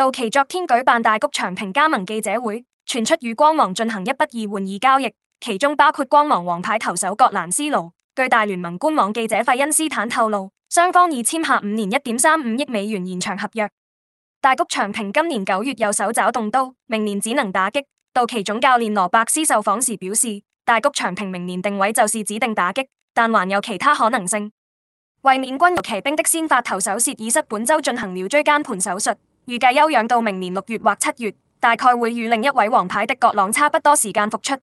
道奇昨天舉辦大谷翔平加盟記者會，傳出與光芒進行一筆二換二交易，其中包括光芒王牌投手葛蘭斯盧。據大聯盟官網記者費恩斯坦透露，雙方已簽下五年一點三五億美元延長合約。大谷翔平今年九月右手肘動刀，明年只能打擊。道奇總教練羅伯斯受訪時表示，大谷翔平明年定位就是指定打擊，但還有其他可能性。衛冕冠軍遊騎兵的先發投手薛爾什本周進行了椎間盤手術。預計休養到明年六月或七月，大概會與另一位王牌的郭朗差不多時間復出。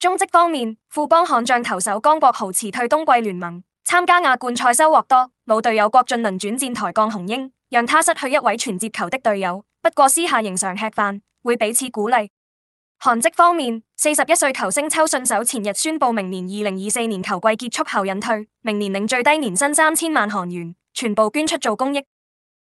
中職方面，富邦悍將投手江國豪辭退冬季聯盟，參加亞冠賽收穫多，老隊友郭俊麟轉戰台鋼雄鷹，讓他失去一位傳接球的隊友。不過私下仍常吃飯，會彼此鼓勵。韓職方面，四十一歲球星秋信守前日宣佈明年二零二四年球季結束後引退，明年領最低年薪三千萬韓元，全部捐出做公益。